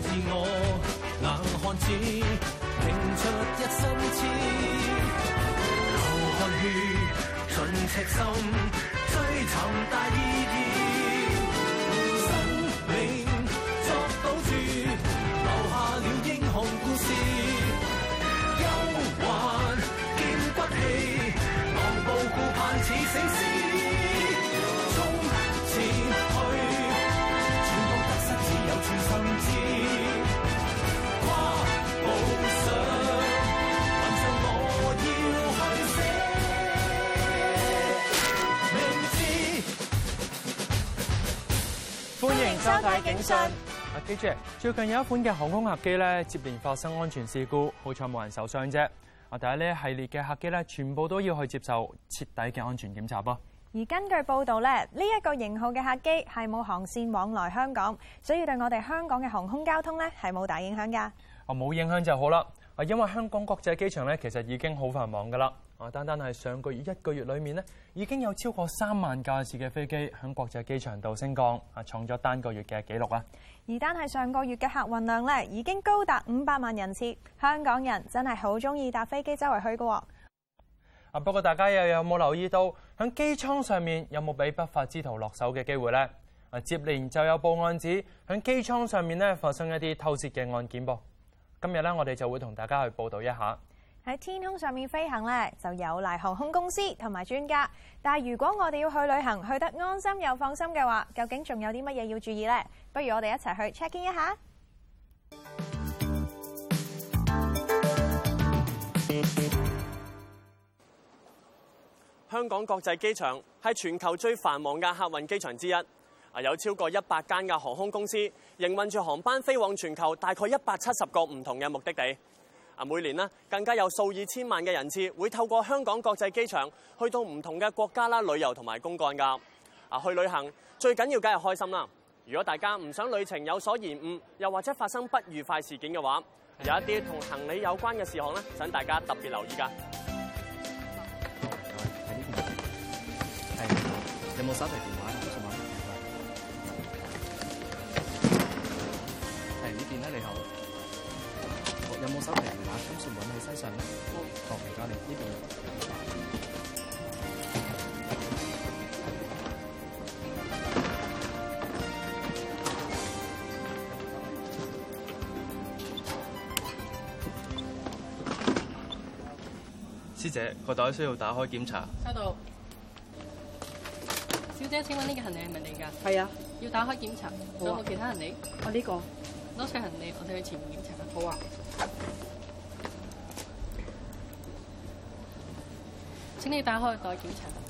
自我硬漢子，拼出一身痴，流汗血，盡赤心，追尋大意義。歡迎收睇警訊。最近有一款嘅航空客機咧，接連發生安全事故，好彩冇人受傷啫。啊，但係呢一系列嘅客機咧，全部都要去接受徹底嘅安全檢查噃。而根據報道咧，呢一個型號嘅客機係冇航線往來香港，所以對我哋香港嘅航空交通咧係冇大影響噶。啊，冇影響就好啦。啊，因為香港國際機場咧其實已經好繁忙噶啦。啊！單單係上個月一個月裏面咧，已經有超過三萬架次嘅飛機喺國際機場度升降，啊創咗單個月嘅紀錄啦。而單係上個月嘅客運量咧，已經高達五百萬人次。香港人真係好中意搭飛機周圍去嘅喎。啊！不過大家又有冇留意到喺機艙上面有冇俾不法之徒落手嘅機會呢？啊！接連就有報案指喺機艙上面咧發生一啲偷竊嘅案件噃。今日呢，我哋就會同大家去報導一下。喺天空上面飛行咧，就有賴航空公司同埋專家。但係如果我哋要去旅行，去得安心又放心嘅話，究竟仲有啲乜嘢要注意呢？不如我哋一齊去 check in 一下。香港國際機場係全球最繁忙嘅客運機場之一，啊，有超過一百間嘅航空公司營運住航班飛往全球大概一百七十個唔同嘅目的地。啊，每年呢，更加有數以千萬嘅人次會透過香港國際機場去到唔同嘅國家啦，旅遊同埋公幹㗎。啊，去旅行最緊要梗係開心啦。如果大家唔想旅程有所延誤，又或者發生不愉快事件嘅話，的有一啲同行李有關嘅事項呢，請大家特別留意㗎。係呢邊，係有冇手提電話？係呢邊呢？你好。有冇手提電話金屬揾喺身上咧？哦，唔該你呢邊。師姐，個袋需要打開檢查。收到。小姐，請問呢個行李係咪你㗎？係啊。要打開檢查。仲、啊、有冇其他人嚟？我呢、呢個。攞上行李，我哋去前面檢查啦。好啊，請你打開袋檢查。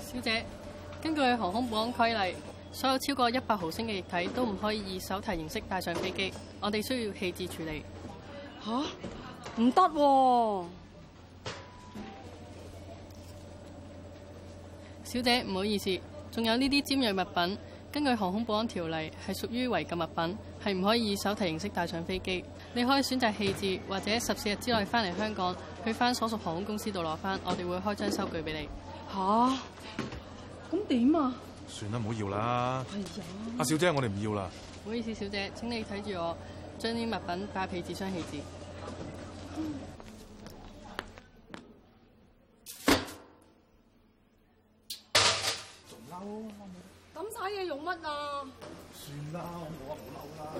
小姐，根據航空保安規例，所有超過一百毫升嘅液體都唔可以以手提形式帶上飛機，我哋需要棄置處理。嚇、啊？唔得喎！小姐，唔好意思，仲有呢啲尖鋭物品。根據航空保安條例，係屬於違禁物品，係唔可以以手提形式帶上飛機。你可以選擇棄置，或者十四日之內翻嚟香港，去翻所屬航空公司度攞翻，我哋會開張收據俾你。吓？咁點啊？算啦，唔好要啦。係啊、哎呀，阿小姐，我哋唔要啦。唔好意思，小姐，請你睇住我，將啲物品擺喺皮紙箱棄置。仲嬲？咁晒嘢用乜啊？算啦，我冇啊，唔嬲啦。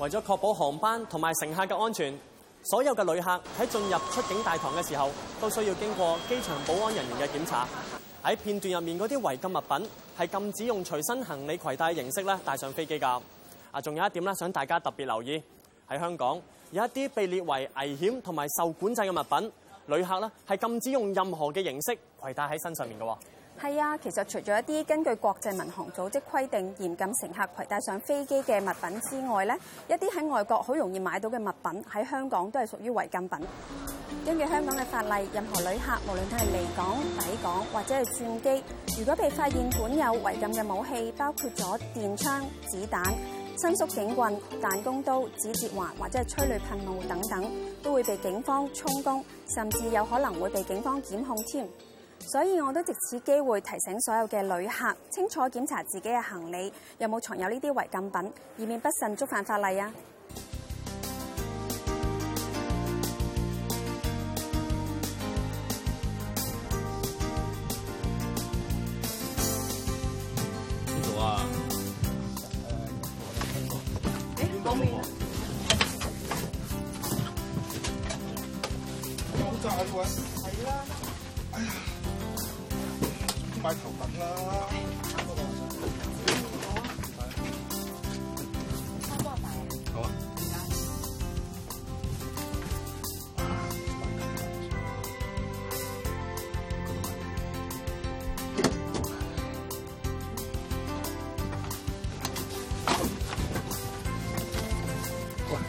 為咗確保航班同埋乘客嘅安全，所有嘅旅客喺進入出境大堂嘅時候，都需要經過機場保安人員嘅檢查。喺片段入面嗰啲違禁物品係禁止用隨身行李攜帶嘅形式咧，帶上飛機噶。啊，仲有一點咧，想大家特別留意喺香港有一啲被列為危險同埋受管制嘅物品，旅客咧係禁止用任何嘅形式攜帶喺身上面嘅。係啊，其實除咗一啲根據國際民航組織規定嚴禁乘客攜帶上飛機嘅物品之外呢，一啲喺外國好容易買到嘅物品喺香港都係屬於違禁品。根據香港嘅法例，任何旅客無論係離港、抵港或者係轉機，如果被發現管有違禁嘅武器，包括咗電槍、子彈、伸縮警棍、彈弓刀、指節環或者係催淚噴霧等等，都會被警方充公，甚至有可能會被警方檢控添。所以我都藉此機會提醒所有嘅旅客，清楚檢查自己嘅行李有冇藏有呢啲違禁品，以免不慎觸犯法例啊。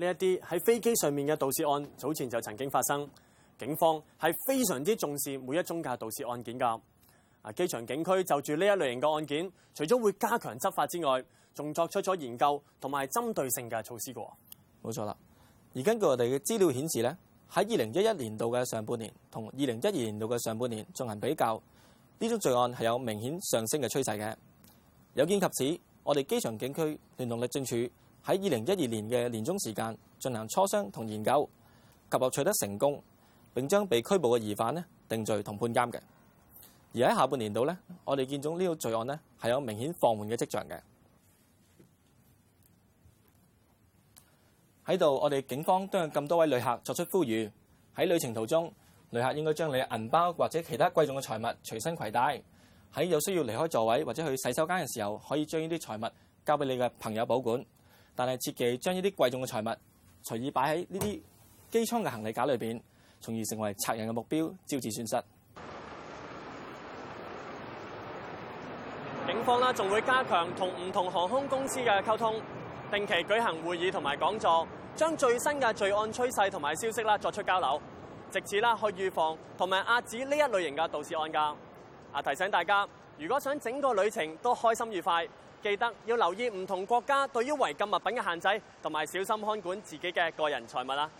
呢一啲喺飛機上面嘅盜竊案，早前就曾經發生。警方係非常之重視每一宗嘅盜竊案件㗎。啊，機場警區就住呢一類型嘅案件，除咗會加強執法之外，仲作出咗研究同埋針對性嘅措施過。冇錯啦。而根據我哋嘅資料顯示呢，喺二零一一年度嘅上半年同二零一二年度嘅上半年進行比較，呢宗罪案係有明顯上升嘅趨勢嘅。有見及此，我哋機場警區聯同律政署。喺二零一二年嘅年中時間進行磋商同研究，及後取得成功，並將被拘捕嘅疑犯定罪同判監嘅。而喺下半年度呢，我哋見到呢個罪案呢係有明顯放緩嘅跡象嘅。喺度，我哋警方都向咁多位旅客作出呼籲：喺旅程途中，旅客應該將你銀包或者其他貴重嘅財物隨身攜帶。喺有需要離開座位或者去洗手間嘅時候，可以將呢啲財物交俾你嘅朋友保管。但係切忌將呢啲貴重嘅財物隨意擺喺呢啲機艙嘅行李架裏邊，從而成為賊人嘅目標，招致損失。警方啦，仲會加強同唔同航空公司嘅溝通，定期舉行會議同埋講座，將最新嘅罪案趨勢同埋消息啦作出交流，藉此啦去預防同埋壓止呢一類型嘅盜竊案噶。啊，提醒大家，如果想整個旅程都開心愉快。記得要留意唔同國家對於違禁物品嘅限制，同埋小心看管自己嘅個人財物啊！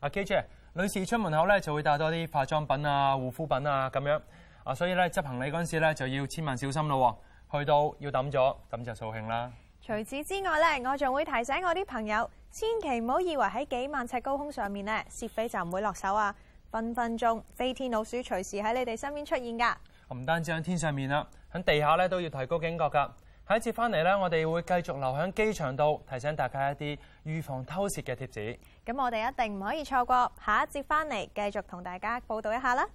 啊，K 姐女士出門口咧，就會帶多啲化妝品啊、護膚品啊咁樣啊，所以咧執行李嗰陣時咧就要千萬小心咯。去到要揼咗咁就掃興啦。除此之外咧，我仲會提醒我啲朋友，千祈唔好以為喺幾萬尺高空上面咧，涉匪就唔會落手啊！分分鐘飛天老鼠隨時喺你哋身邊出現㗎。唔單止喺天上面啦，響地下咧都要提高警覺㗎。下一節翻嚟咧，我哋會繼續留喺機場度，提醒大家一啲預防偷竊嘅貼士。咁我哋一定唔可以錯過，下一節翻嚟，繼續同大家報道一下啦。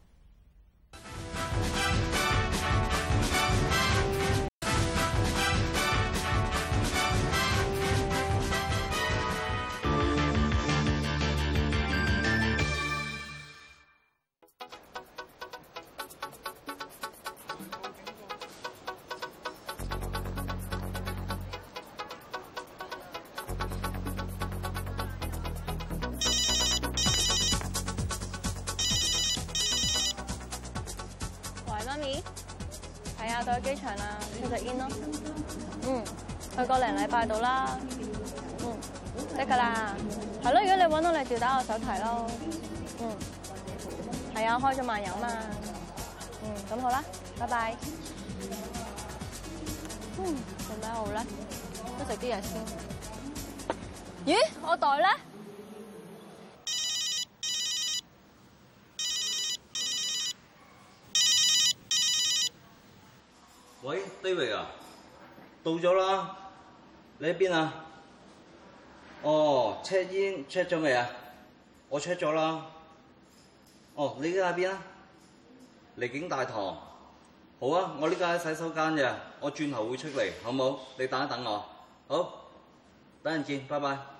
去機場啦，去食煙咯。嗯，去個零禮拜度啦。嗯，得噶啦。係咯，如果你揾到你調打我手提咯。嗯，係啊，開咗漫遊嘛。嗯，咁好啦，拜拜。嗯，做咩好咧？多食啲嘢先。咦，我袋咧？喂，David 啊，到咗啦，你喺邊啊？哦，哦，check in，check 咗未啊？我 check 咗啦。哦，你喺邊啊？離境大堂。好啊，我而家喺洗手間嘅，我轉頭會出嚟，好唔好？你等一等我。好，等陣見，拜拜。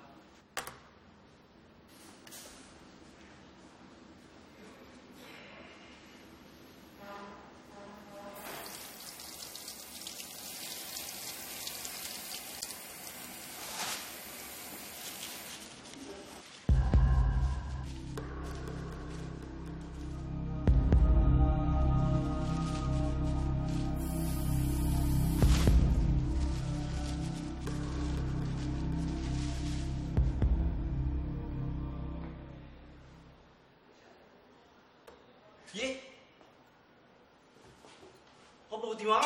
電話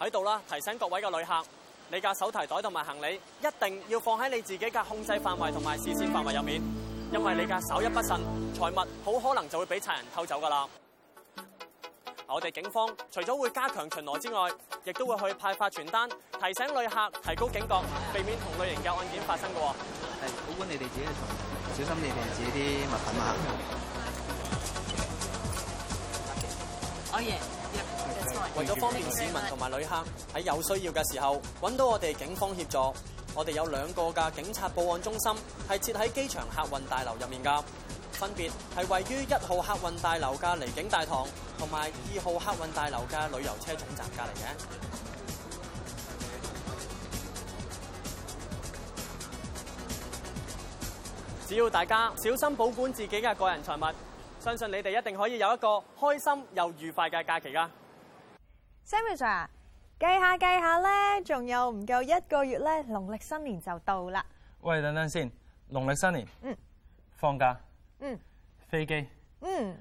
喺度啦！提醒各位嘅旅客，你嘅手提袋同埋行李一定要放喺你自己嘅控制範圍同埋視線範圍入面，因為你嘅手一不慎，財物好可能就會俾賊人偷走噶啦。 我哋警方除咗會加強巡邏之外，亦都會去派發傳單，提醒旅客提高警覺，避免同類型嘅案件發生噶。係保管你哋自己嘅財物，小心你哋自己啲物品啦。為咗方便市民同埋旅客喺有需要嘅時候揾到我哋警方協助，我哋有兩個嘅警察報案中心係設喺機場客運大樓入面噶，分別係位於一號客運大樓嘅離境大堂，同埋二號客運大樓嘅旅遊車總站隔離嘅。只要大家小心保管自己嘅個人財物，相信你哋一定可以有一個開心又愉快嘅假期噶。Samuel Sir，計下計下咧，仲有唔夠一個月咧，農曆新年就到啦。喂，等等先，農曆新年，嗯，放假，嗯，飛機機，嗯，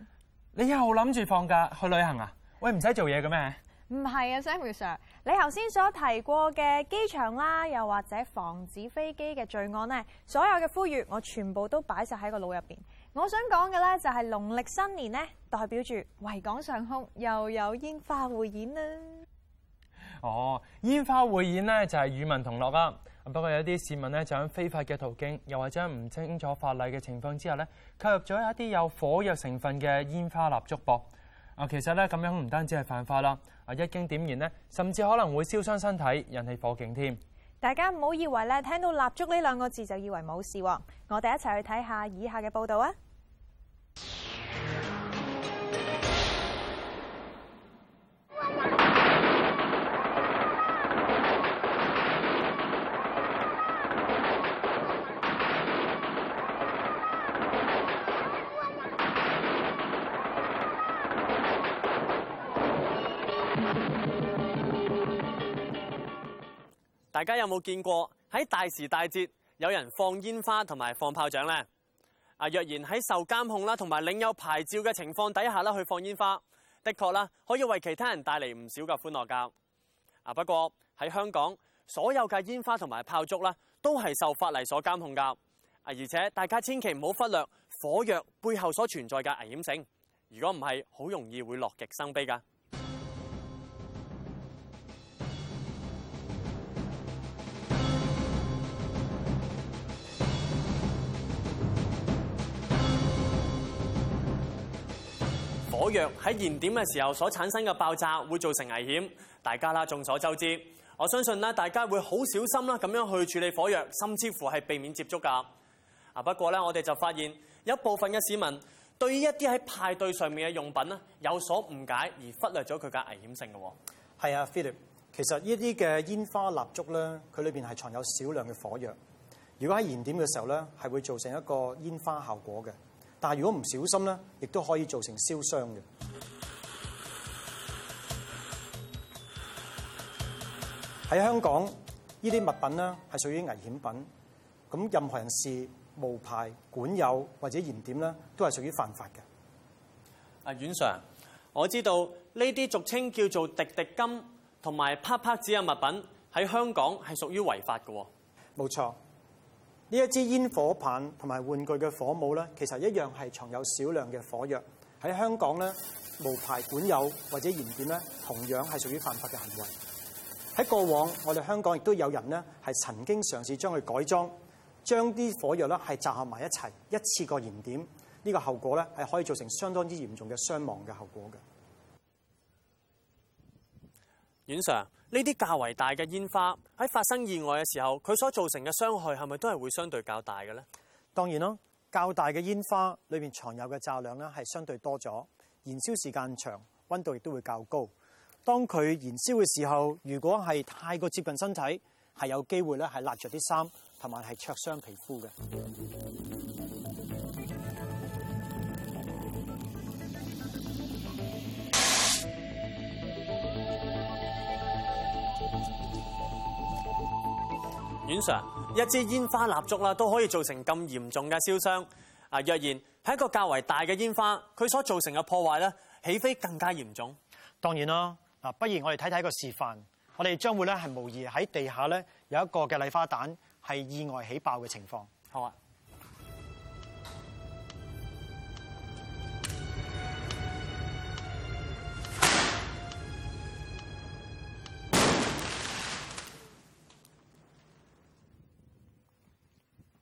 你又諗住放假去旅行啊？喂，唔使做嘢嘅咩？唔係啊，Samuel Sir，你頭先所提過嘅機場啦，又或者防止飛機嘅罪案咧，所有嘅呼籲我全部都擺晒喺個腦入邊。我想講嘅咧就係農曆新年呢，代表住維港上空又有煙花匯演啦。哦，煙花匯演呢，就係與民同樂啦。不過有啲市民呢，就喺非法嘅途徑，又或者唔清楚法例嘅情況之下呢，購入咗一啲有火藥成分嘅煙花蠟燭噃。啊，其實呢，咁樣唔單止係犯法啦，啊，一經點燃呢，甚至可能會燒傷身體，引起火警添。大家唔好以為咧聽到蠟燭呢兩個字就以為冇事，我哋一齊去睇下以下嘅報道啊！大家有冇見過喺大時大節有人放煙花同埋放炮仗呢？啊，若然喺受監控啦，同埋領有牌照嘅情況底下啦，去放煙花，的確啦，可以為其他人帶嚟唔少嘅歡樂㗎。啊，不過喺香港，所有嘅煙花同埋炮竹啦，都係受法例所監控㗎。啊，而且大家千祈唔好忽略火藥背後所存在嘅危險性，如果唔係，好容易會樂極生悲㗎。火藥喺燃點嘅時候所產生嘅爆炸會造成危險，大家啦眾所周知。我相信咧，大家會好小心啦，咁樣去處理火藥，甚至乎係避免接觸㗎。啊，不過咧，我哋就發現有一部分嘅市民對於一啲喺派對上面嘅用品咧有所誤解而忽略咗佢嘅危險性㗎喎。係啊，Philip，其實呢啲嘅煙花蠟燭咧，佢裏邊係藏有少量嘅火藥。如果喺燃點嘅時候咧，係會造成一個煙花效果嘅。但係如果唔小心咧，亦都可以造成燒傷嘅。喺香港，呢啲物品咧係屬於危險品，咁任何人士無牌、管有或者燃點咧，都係屬於犯法嘅。啊，阮 Sir，我知道呢啲俗稱叫做滴滴金同埋啪啪紙嘅物品喺香港係屬於違法嘅喎。冇錯。呢一支煙火棒同埋玩具嘅火帽呢，其實一樣係藏有少量嘅火藥。喺香港呢，無牌管有或者燃點呢，同樣係屬於犯法嘅行為。喺過往，我哋香港亦都有人呢，係曾經嘗試將佢改裝，將啲火藥呢係集合埋一齊，一次過燃點，呢個後果呢，係可以造成相當之嚴重嘅傷亡嘅後果嘅。袁 Sir 呢啲較為大嘅煙花，喺發生意外嘅時候，佢所造成嘅傷害係咪都係會相對較大嘅呢？當然咯，較大嘅煙花裏面藏有嘅炸量咧係相對多咗，燃燒時間長，温度亦都會較高。當佢燃燒嘅時候，如果係太過接近身體，係有機會咧係焫着啲衫同埋係灼傷皮膚嘅。u n 一支煙花蠟燭啦，都可以造成咁嚴重嘅燒傷。啊，若然係一個較為大嘅煙花，佢所造成嘅破壞咧，起飛更加嚴重。當然啦，嗱，不如我哋睇睇個示範。我哋將會咧係模疑喺地下咧有一個嘅禮花彈係意外起爆嘅情況。好啊。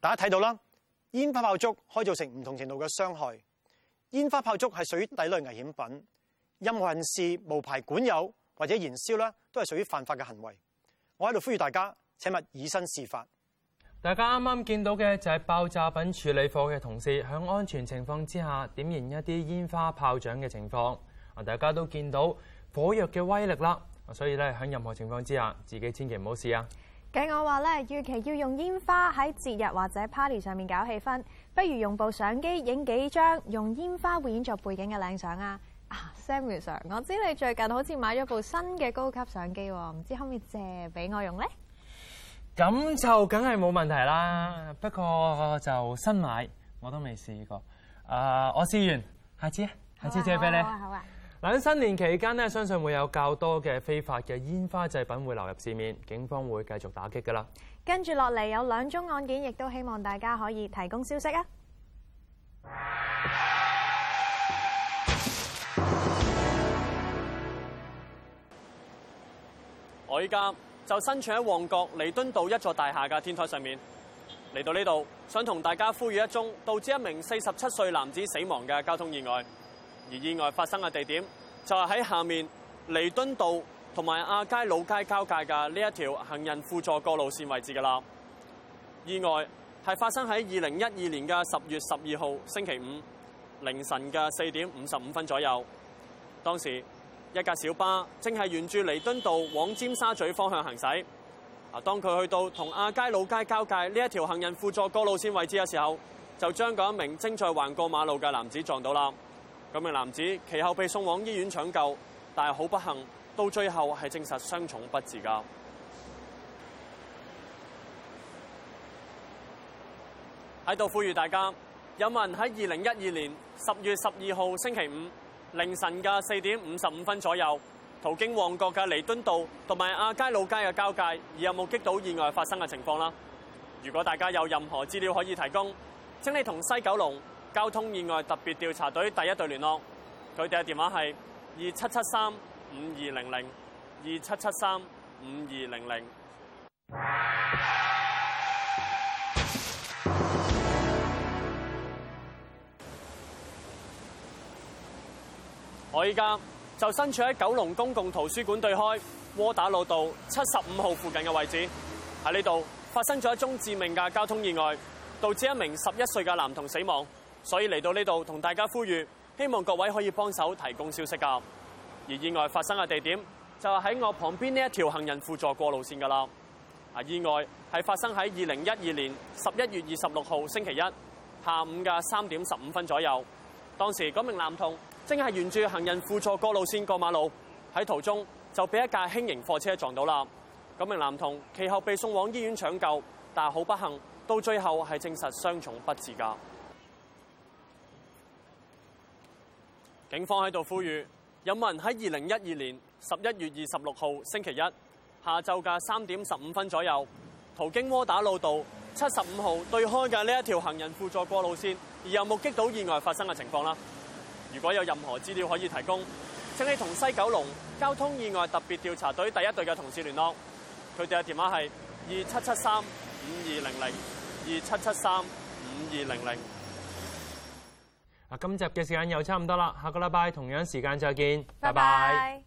大家睇到啦，煙花炮竹可以造成唔同程度嘅傷害。煙花炮竹係屬於第一類危險品，任何人士無牌管有或者燃燒咧，都係屬於犯法嘅行為。我喺度呼籲大家，請勿以身試法。大家啱啱見到嘅就係爆炸品處理課嘅同事喺安全情況之下點燃一啲煙花炮仗嘅情況。啊，大家都見到火藥嘅威力啦。所以咧喺任何情況之下，自己千祈唔好試啊！請我話咧，預期要用煙花喺節日或者 party 上面搞氣氛，不如用部相機影幾張用煙花匯演做背景嘅靚相啊！啊，Samuel sir，我知你最近好似買咗部新嘅高級相機，唔知可唔可以借俾我用咧？咁就梗係冇問題啦，不過就新買我都未試過，啊、uh,，我試完，下次，啊，下次借俾你。好啊。喺新年期間呢，相信會有較多嘅非法嘅煙花製品會流入市面，警方會繼續打擊㗎喇。跟住落嚟有兩宗案件，亦都希望大家可以提供消息啊！我依家就身處喺旺角彌敦道一座大廈嘅天台上面，嚟到呢度想同大家呼籲一宗導致一名四十七歲男子死亡嘅交通意外。而意外發生嘅地點就係喺下面彌敦道同埋亞皆老街交界嘅呢一條行人輔助過路線位置啦。意外係發生喺二零一二年嘅十月十二號星期五凌晨嘅四點五十五分左右。當時一架小巴正係沿住彌敦道往尖沙咀方向行駛。啊，當佢去到同亞皆老街交界呢一條行人輔助過路線位置嘅時候，就將嗰一名正在橫過馬路嘅男子撞到啦。嗰名男子其後被送往醫院搶救，但係好不幸，到最後係證實傷重不治噶。喺度呼籲大家，有冇人喺二零一二年十月十二號星期五凌晨嘅四點五十五分左右，途經旺角嘅彌敦道同埋亞皆老街嘅交界，而有冇擊到意外發生嘅情況啦？如果大家有任何資料可以提供，請你同西九龍交通意外特別調查隊第一隊聯絡，佢哋嘅電話係二七七三五二零零二七七三五二零零。200，我依家就身處喺九龍公共圖書館對開窩打老道七十五號附近嘅位置，喺呢度發生咗一宗致命嘅交通意外，導致一名十一歲嘅男童死亡。所以嚟到呢度，同大家呼籲，希望各位可以幫手提供消息㗎。而意外發生嘅地點就係喺我旁邊呢一條行人輔助過路線㗎啦。啊，意外係發生喺二零一二年十一月二十六號星期一下午嘅三點十五分左右。當時嗰名男童正係沿住行人輔助過路線過馬路，喺途中就俾一架輕型貨車撞到啦。嗰名男童其後被送往醫院搶救，但係好不幸，到最後係證實傷重不治㗎。警方喺度呼籲，有冇人喺二零一二年十一月二十六號星期一下晝嘅三點十五分左右，途經窩打老道七十五號對開嘅呢一條行人輔助過路線，而又目擊到意外發生嘅情況啦。如果有任何資料可以提供，請你同西九龍交通意外特別調查隊第一隊嘅同事聯絡，佢哋嘅電話係二七七三五二零零二七七三五二零零。今集嘅時間又差唔多啦，下個禮拜同樣時間再見，bye bye 拜拜。